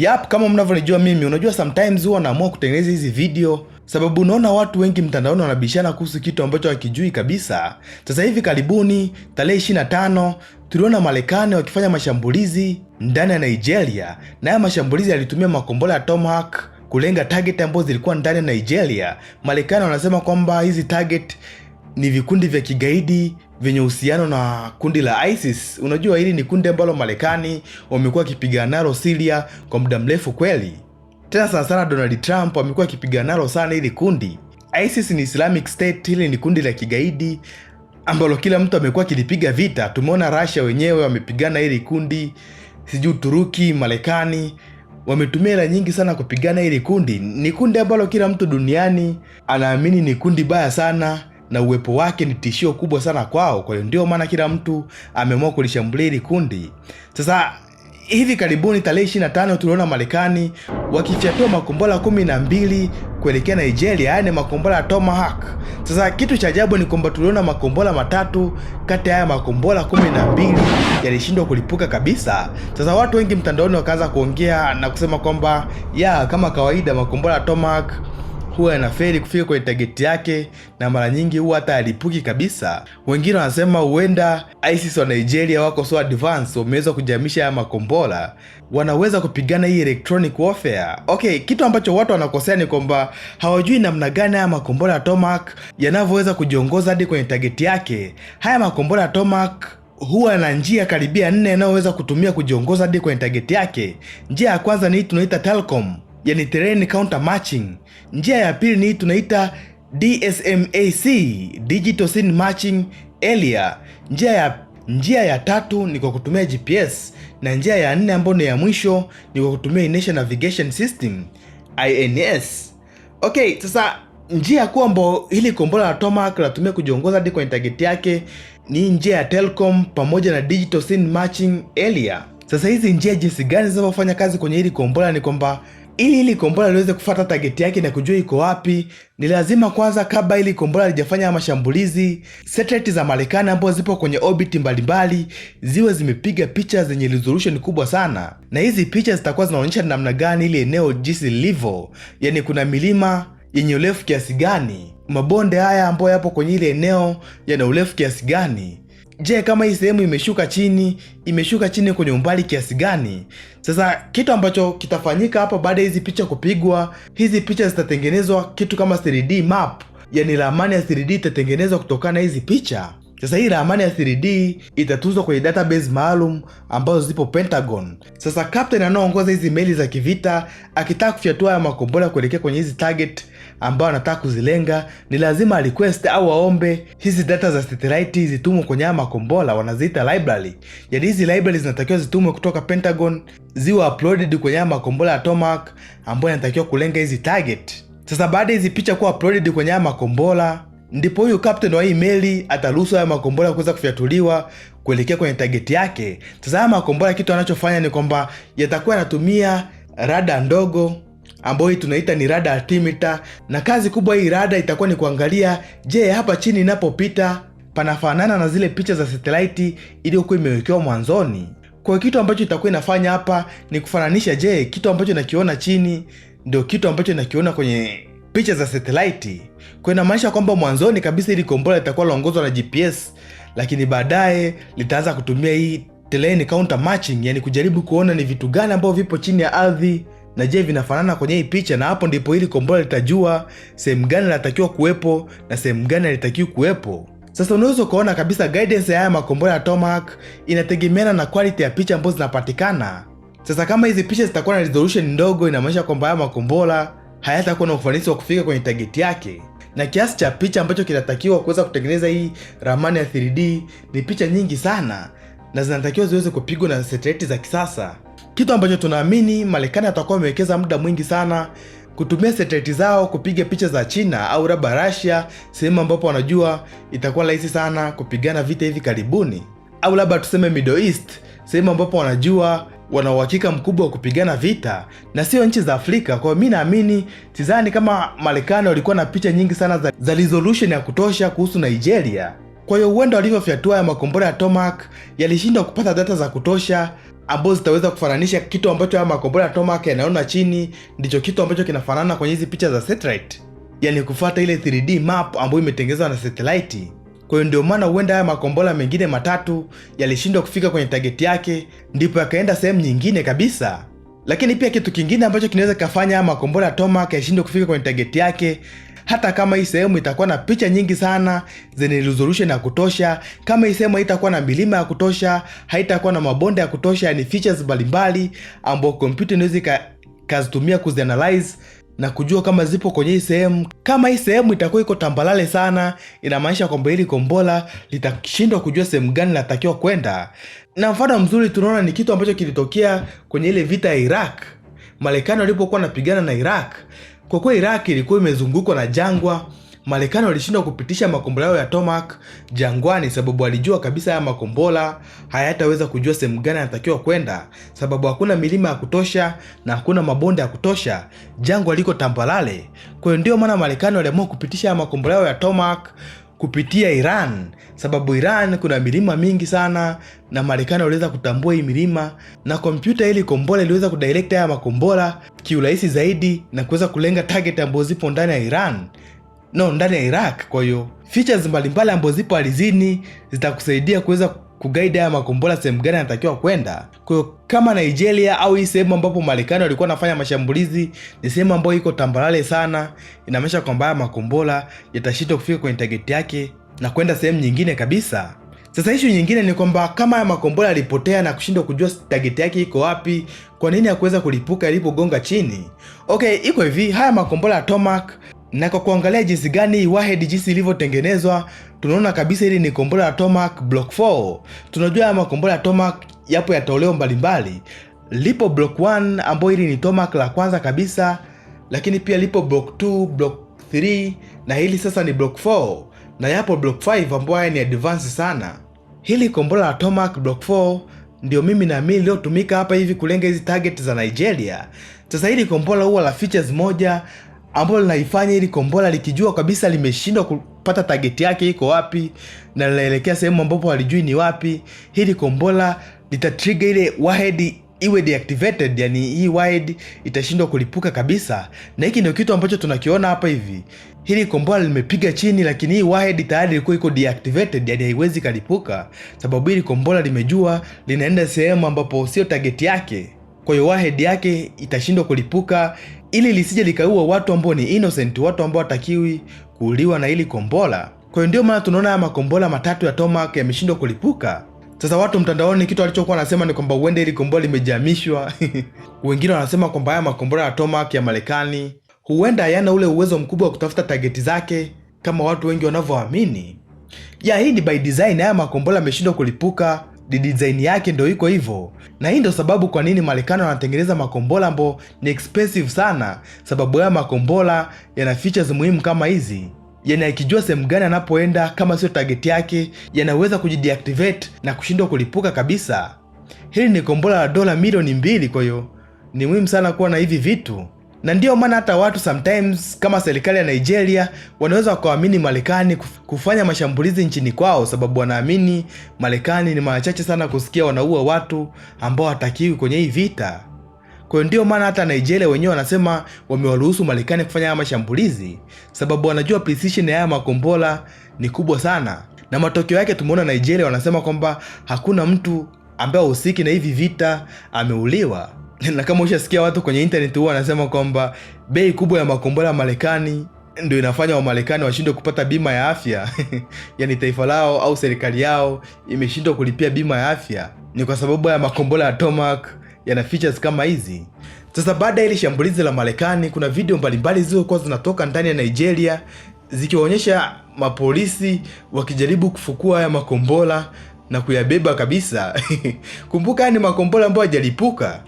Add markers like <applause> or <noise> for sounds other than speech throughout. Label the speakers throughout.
Speaker 1: Yap, kama mnavyonijua mimi, unajua sometimes huwa naamua kutengeneza hizi video sababu unaona watu wengi mtandaoni wanabishana kuhusu kitu ambacho hakijui kabisa. Sasa hivi karibuni, tarehe 25 tuliona Marekani wakifanya mashambulizi ndani ya Nigeria, na haya mashambulizi yalitumia makombora ya Tomahawk kulenga target ambazo zilikuwa ndani ya Nigeria. Marekani wanasema kwamba hizi target ni vikundi vya kigaidi vyenye uhusiano na kundi la ISIS. Unajua, hili ni kundi ambalo Marekani wamekuwa wakipigana nalo Syria kwa muda mrefu kweli, tena sana sana Donald Trump amekuwa akipigana nalo sana hili kundi. ISIS ni Islamic State, hili ni kundi la kigaidi ambalo kila mtu amekuwa akilipiga vita. Tumeona Russia wenyewe wamepigana hili kundi, sijui Uturuki, Marekani wametumia hela nyingi sana kupigana hili kundi. Ni kundi ambalo kila mtu duniani anaamini ni kundi baya sana na uwepo wake ni tishio kubwa sana kwao. Kwa hiyo ndio maana kila mtu ameamua kulishambulia hili kundi. Sasa hivi karibuni tarehe 25 tuliona Marekani wakifyatua makombora 12 kuelekea Nigeria, yaani makombora ya Tomahawk. Sasa kitu cha ajabu ni kwamba tuliona makombora matatu kati ya haya makombora kumi na mbili yalishindwa kulipuka kabisa. Sasa watu wengi mtandaoni wakaanza kuongea na kusema kwamba ya kama kawaida makombora ya Tomahawk huwa yanafeli kufika kwenye tageti yake na mara nyingi huwa hata alipuki kabisa. Wengine wanasema huenda ISIS wa Nigeria wako so advance, wameweza kujamisha haya makombora, wanaweza kupigana hii electronic warfare. Okay, kitu ambacho watu wanakosea ni kwamba hawajui namna gani haya makombora ya Tomahawk yanavyoweza kujiongoza hadi kwenye tageti yake. Haya makombora ya Tomahawk huwa na njia karibia nne yanayoweza kutumia kujiongoza hadi kwenye tageti yake. Njia ya kwanza ni hii tunaita Talcom yani terrain counter matching. Njia ya pili ni tunaita DSMAC, digital scene matching area. Njia ya, njia ya tatu ni kwa kutumia GPS na njia ya nne ambayo ni ya mwisho ni kwa kutumia Inertial Navigation System INS. Okay, sasa njia kuu ambayo hili kombora la Tomahawk linatumia kujiongoza hadi kwenye target yake ni njia ya Telcom pamoja na digital scene matching area. Sasa hizi njia jinsi gani zinavyofanya kazi kwenye hili kombora ni kwamba ili ili kombora liweze kufata tageti yake na kujua iko wapi, ni lazima kwanza, kabla ili kombora lijafanya mashambulizi, satellite za Marekani ambazo zipo kwenye orbit mbalimbali ziwe zimepiga picha zenye resolution kubwa sana, na hizi picha zitakuwa zinaonyesha namna gani ili eneo jinsi lilivyo, yani kuna milima yenye urefu kiasi gani, mabonde haya ambayo yapo kwenye ile eneo yana urefu kiasi gani je, kama hii sehemu imeshuka chini, imeshuka chini kwenye umbali kiasi gani? Sasa kitu ambacho kitafanyika hapa baada ya hizi picha kupigwa, hizi picha zitatengenezwa kitu kama 3D map, yani ramani ya 3D itatengenezwa kutokana na hizi picha. Sasa hii ramani ya 3D itatuzwa kwenye database maalum ambazo zipo Pentagon. Sasa captain anaoongoza hizi meli za kivita akitaka kufyatua ya makombora kuelekea kwenye hizi target ambayo anataka kuzilenga, ni lazima request au aombe hizi data za satellite zitumwe kwenye haya makombora, wanaziita library. Yaani hizi library zinatakiwa zitumwe kutoka Pentagon, ziwe uploaded kwenye haya makombora ya Tomahawk ambayo yanatakiwa kulenga hizi target. Sasa baada hizi picha kuwa uploaded kwenye haya makombora ndipo huyu captain wa hii meli ataruhusu haya makombola kuweza kufyatuliwa kuelekea kwenye target yake. Sasa haya makombora kitu anachofanya ni kwamba yatakuwa yanatumia rada ndogo ambayo hii tunaita ni rada altimeter, na kazi kubwa hii rada itakuwa ni kuangalia, je, hapa chini inapopita panafanana na zile picha za satellite iliyokuwa imewekewa mwanzoni. Kwa kitu ambacho itakuwa inafanya hapa ni kufananisha, je, kitu ambacho nakiona chini ndio kitu ambacho nakiona kwenye picha za satellite. Kwa inamaanisha kwamba mwanzoni kabisa ili kombora litakuwa laongozwa na GPS, lakini baadaye litaanza kutumia hii terrain counter matching, yani kujaribu kuona ni vitu gani ambavyo vipo chini ya ardhi na je vinafanana kwenye hii picha, na hapo ndipo hili kombora litajua sehemu gani linatakiwa kuwepo na sehemu gani halitakiwi kuwepo. Sasa unaweza ukaona kabisa guidance ya haya makombora ya tomac inategemeana na quality ya picha ambazo zinapatikana. Sasa kama hizi picha zitakuwa na resolution ndogo, inamaanisha kwamba haya makombora hayatakuwa na ufanisi wa kufika kwenye tageti yake, na kiasi cha picha ambacho kinatakiwa kuweza kutengeneza hii ramani ya 3D ni picha nyingi sana, na zinatakiwa ziweze kupigwa na satelaiti za kisasa, kitu ambacho tunaamini Marekani atakuwa amewekeza muda mwingi sana kutumia satelaiti zao kupiga picha za China au labda Russia, sehemu ambapo wanajua itakuwa rahisi sana kupigana vita hivi karibuni, au labda tuseme Middle East, sehemu ambapo wanajua wana uhakika mkubwa wa kupigana vita na sio nchi za Afrika. Kwa hiyo mi naamini, sidhani kama Marekani walikuwa na picha nyingi sana za, za resolution ya kutosha kuhusu Nigeria. Kwa hiyo huenda walivyofyatua ya makombora ya Tomac yalishindwa kupata data za kutosha ambazo zitaweza kufananisha kitu ambacho haya makombora ya Tomac yanaona chini ndicho kitu ambacho kinafanana kwenye hizi picha za satellite, yani kufuata ile 3D map ambayo imetengenezwa na satellite. Kwa hiyo ndio maana huenda haya makombora mengine matatu yalishindwa kufika kwenye tageti yake, ndipo yakaenda sehemu nyingine kabisa. Lakini pia kitu kingine ambacho kinaweza kikafanya haya makombora ya Tomac yashindwe kufika kwenye tageti yake hata kama hii sehemu itakuwa na picha nyingi sana zenye resolution ya kutosha, kama hii sehemu haitakuwa na milima ya kutosha, haitakuwa na mabonde ya kutosha, yani features mbalimbali ambayo kompyuta inaweza kazitumia kuzianalyze na kujua kama zipo kwenye hii sehemu. Kama hii sehemu itakuwa iko tambalale sana, inamaanisha kwamba hili kombola litashindwa kujua sehemu gani linatakiwa kwenda, na mfano mzuri tunaona ni kitu ambacho kilitokea kwenye ile vita ya Iraq, Marekani walipokuwa wanapigana na Iraq kwa kuwa Iraq ilikuwa imezungukwa na jangwa, Marekani walishindwa kupitisha makombora yao ya Tomak jangwani, sababu walijua kabisa haya makombora hayataweza kujua sehemu gani anatakiwa kwenda, sababu hakuna milima ya kutosha na hakuna mabonde ya kutosha, jangwa liko tambalale. Kwa hiyo ndio maana Marekani waliamua kupitisha haya makombora yao ya Tomak kupitia Iran, sababu Iran kuna milima mingi sana, na Marekani waliweza kutambua hii milima, na kompyuta ili kombora iliweza kudirect haya makombora kiurahisi zaidi na kuweza kulenga target ambazo zipo ndani ya Iran no, ndani ya Iraq. Kwa hiyo features mbalimbali ambazo zipo alizini zitakusaidia kuweza kugaidi haya makombora sehemu gani anatakiwa kwenda. Kwa hiyo kama Nigeria au hii sehemu ambapo Marekani walikuwa wanafanya mashambulizi ni sehemu ambayo iko tambarare sana, inamaanisha kwamba haya makombora yatashindwa kufika kwenye tageti yake na kwenda sehemu nyingine kabisa. Sasa ishu nyingine ni kwamba kama haya makombora yalipotea na kushindwa kujua tageti yake iko wapi, kwa nini hakuweza kulipuka alipogonga chini? Okay, iko hivi, haya makombora ya Tomahawk na kwa kuangalia jinsi gani Warhead jinsi ilivyotengenezwa tunaona kabisa hili ni kombora ya tomac block 4. Tunajua ya makombora ya tomac yapo ya toleo mbalimbali, lipo block 1 ambayo hili ni tomac la kwanza kabisa, lakini pia lipo block 2, block 3 na hili sasa ni block 4, na yapo block 5 ambayo ni advance sana. Hili kombora la tomac block 4 ndio mimi na mii leo tumika hapa hivi kulenga hizi target za Nigeria. Sasa hili kombora huwa la features moja ambalo linaifanya ili kombora likijua kabisa limeshindwa kupata tageti yake iko wapi na linaelekea sehemu ambapo halijui ni wapi, hili kombora litatriga ile warhead iwe deactivated, yani hii warhead itashindwa kulipuka kabisa. Na hiki ndio kitu ambacho tunakiona hapa hivi. Hili kombora limepiga chini, lakini hii warhead tayari ilikuwa iko deactivated, yani haiwezi kalipuka, sababu hili kombora limejua linaenda sehemu ambapo sio tageti yake, kwa hiyo warhead yake itashindwa kulipuka ili lisije likaua watu ambao ni innocent, watu ambao watakiwi kuuliwa na ili kombola Kwa hiyo ndio maana tunaona haya makombola matatu ya Tomac yameshindwa kulipuka. Sasa watu mtandaoni, kitu alichokuwa anasema ni kwamba huenda ili kombola limejamishwa <laughs> Wengine wanasema kwamba haya makombola ya Tomac ya Marekani huenda hayana ule uwezo mkubwa wa kutafuta tageti zake kama watu wengi wanavyoamini. Ya hii ni by design, haya makombola yameshindwa kulipuka design yake ndo iko hivyo, na hii ndo sababu kwa nini Marekani wanatengeneza makombola ambayo ni expensive sana, sababu haya makombola yana features muhimu kama hizi yana ikijua sehemu gani anapoenda kama sio target yake, yanaweza kujideactivate na kushindwa kulipuka kabisa. Hili ni kombola la dola milioni mbili, kwa hiyo ni muhimu sana kuwa na hivi vitu na ndiyo maana hata watu sometimes kama serikali ya Nigeria wanaweza wakaamini Marekani kufanya mashambulizi nchini kwao, sababu wanaamini Marekani ni mara chache sana kusikia wanaua watu ambao hatakiwi kwenye hii vita. Kwa hiyo ndiyo maana hata Nigeria wenyewe wanasema wamewaruhusu Marekani kufanya haya mashambulizi, sababu wanajua precision ya haya makombola ni kubwa sana, na matokeo yake tumeona Nigeria wanasema kwamba hakuna mtu ambaye hahusiki na hivi vita ameuliwa. <laughs> na kama ushasikia watu kwenye internet huwa wanasema kwamba bei kubwa ya makombora ya Marekani ndo inafanya Wamarekani washindwe kupata bima ya afya <laughs> yani taifa lao au serikali yao imeshindwa kulipia bima ya afya, ni kwa sababu ya makombora ya Tomahawk yana features kama hizi. Sasa baada ya hili shambulizi la Marekani, kuna video mbalimbali zilizokuwa zinatoka ndani ya Nigeria zikiwaonyesha mapolisi wakijaribu kufukua haya makombora na kuyabeba kabisa. <laughs> Kumbuka, ni makombora ambayo hajalipuka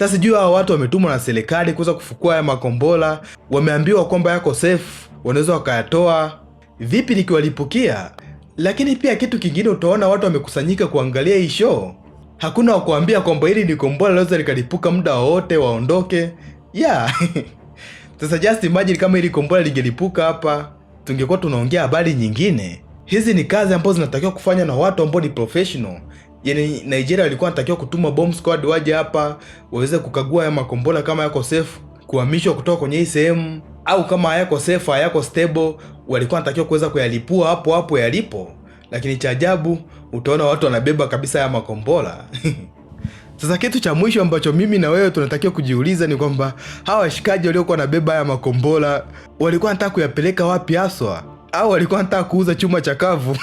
Speaker 1: sasa sijui hawa watu wametumwa na serikali kuweza kufukua haya makombora, wameambiwa kwamba yako safe, wanaweza wakayatoa vipi nikiwalipukia? Lakini pia kitu kingine, utaona watu wamekusanyika kuangalia hii show, hakuna wakuambia kwamba hili ni kombora laweza likalipuka muda wowote, waondoke yeah. <laughs> Sasa just imagine kama hili kombora lingelipuka hapa, tungekuwa tunaongea habari nyingine. Hizi ni kazi ambazo zinatakiwa kufanya na watu ambao ni professional, yani Nigeria walikuwa wanatakiwa kutuma bomb squad waje hapa waweze kukagua ya makombola kama yako safe, kuhamishwa kutoka kwenye hii sehemu, au kama hayako safe, hayako stable, walikuwa wanatakiwa kuweza kuyalipua hapo hapo yalipo. Lakini cha ajabu utaona watu wanabeba kabisa ya makombola <laughs> Sasa kitu cha mwisho ambacho mimi na wewe tunatakiwa kujiuliza ni kwamba hawa washikaji waliokuwa wanabeba haya makombola walikuwa wanataka kuyapeleka wapi haswa? au walikuwa wanataka kuuza chuma cha kavu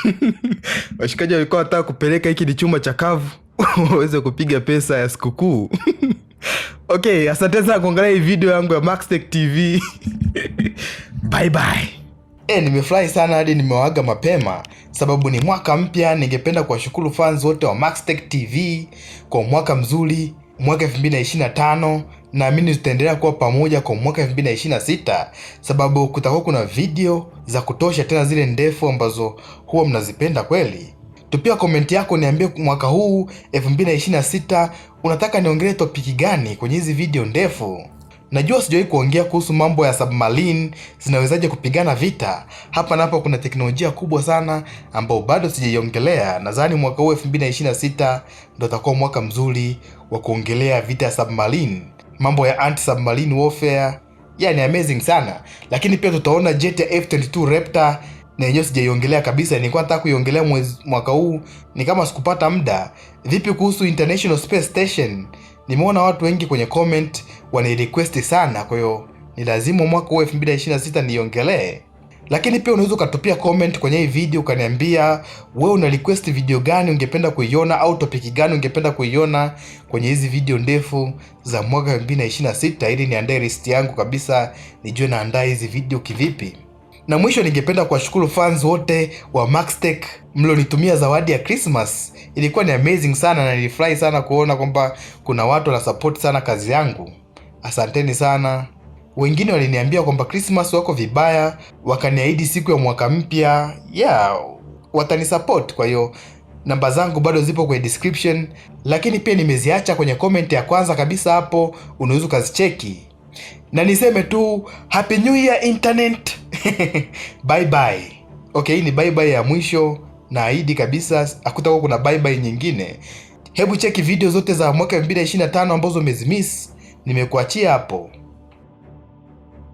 Speaker 1: <laughs> washikaji walikuwa wanataka kupeleka hiki ni chuma cha kavu <laughs> waweze kupiga pesa ya sikukuu. <laughs> ok asante sana kuangalia hii video yangu ya maxtek TV bye E, nimefurahi sana hadi nimewaga mapema sababu ni mwaka mpya. Ningependa kuwashukuru fans wote wa maxtek TV kwa mwaka mzuri mwaka 2025 naamini tutaendelea kuwa pamoja kwa mwaka 2026, sababu kutakuwa kuna video za kutosha, tena zile ndefu ambazo huwa mnazipenda kweli. Tupia komenti yako, niambie mwaka huu 2026 unataka niongelee topiki gani kwenye hizi video ndefu. Najua sijawahi kuongea kuhusu mambo ya submarine zinawezaje kupigana vita. Hapa napo kuna teknolojia kubwa sana ambayo bado sijaiongelea. Nadhani mwaka huu 2026 ndio utakuwa mwaka mzuri wa kuongelea vita ya submarine, mambo ya anti submarine warfare. Yani amazing sana, lakini pia tutaona jet ya F22 Raptor na yenyewe sijaiongelea kabisa. Nilikuwa nataka kuiongelea mwaka huu, ni kama sikupata muda. Vipi kuhusu International Space Station? Nimeona watu wengi kwenye comment wanairequest sana, kwa hiyo ni lazima mwaka huu 2026 niongelee. Lakini pia unaweza ukatupia comment kwenye hii video ukaniambia wewe una request video gani ungependa kuiona au topic gani ungependa kuiona kwenye hizi video ndefu za mwaka 2026 ili niandae list yangu kabisa, nijue naandaa hizi video kivipi. Na mwisho, ningependa kuwashukuru fans wote wa Maxtech mlionitumia zawadi ya Christmas. Ilikuwa ni amazing sana na nilifurahi sana kuona kwamba kuna watu wanasapoti support sana kazi yangu. Asanteni sana. Wengine waliniambia kwamba Christmas wako vibaya, wakaniahidi siku ya mwaka mpya. Yeah, watanisapoti kwa hiyo namba zangu bado zipo kwenye description, lakini pia nimeziacha kwenye comment ya kwanza kabisa hapo, unaweza ukazicheki. Na niseme tu happy new year internet. <laughs> bye bye. Okay, hii ni bye bye ya mwisho na ahidi kabisa hakutakuwa kuna bye bye nyingine. Hebu cheki video zote za mwaka 2025 ambazo umezimiss, nimekuachia hapo.